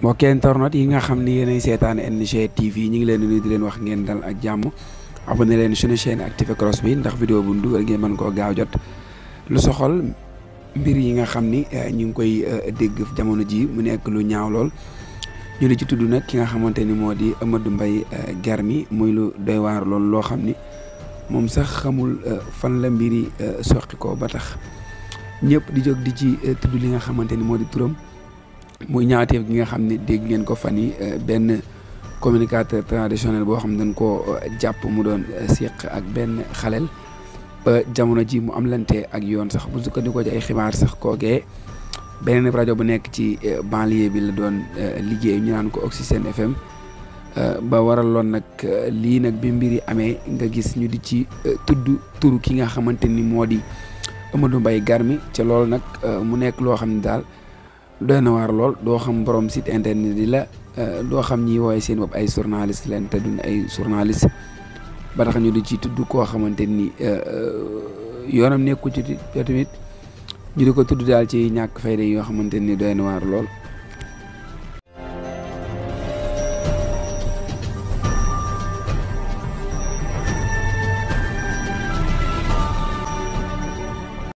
mbokk internet yi nga xam ni yéenay seetaan NG TV ñu ngi leen di nuyu di leen wax ngeen dal ak jàmm na leen suñu chaîne activé cross bi ndax vidéo bu dugal ngeen mën koo gaaw jot lu soxal mbir yi nga xam ni eh, ñu ngi koy eh, dégg jamono ji mu nekk lu ñaaw lool ñu li ci tudd nag ki nga xamante ni moo di Amadou Mbaye eh, Garmi muy lu doy waar lool loo xam ni moom sax xamul fan la mbiri soqi ko ba tax ñëpp di jóg di ci tudd li nga xamante ni moo di turam muy ñaawteef gi nga xam ne dégg ngeen ko fan yi euh, benn communicateur traditionnel boo xam ne dañ koo euh, jàpp mu doon euh, seq ak benn xaleel ba jamono ji mu am lante ak yoon sax bu ko ci ay xibaar sax kookee beneen rajo bu nekk ci banlieue bi la doon liggéey ñu naan ko Oxygène FM ba waral waraloon nag lii nag bi mbir yi amee nga gis ñu di ci tudd turu ki nga xamante ni moo di Amadou Mbaye Garmi ca loolu nag mu nekk loo xam ne daal doy na lool doo xam borom site internet yi la eh, doo xam ñi wooye seen bopp ay journaliste leen te duñ ay journaliste ba ñu di ci tudd koo xamante ni eh, eh, yoonam nekku ci tamit ñu di ko tudd daal ci ñàkk fayda yoo xamante ni doy na waar lool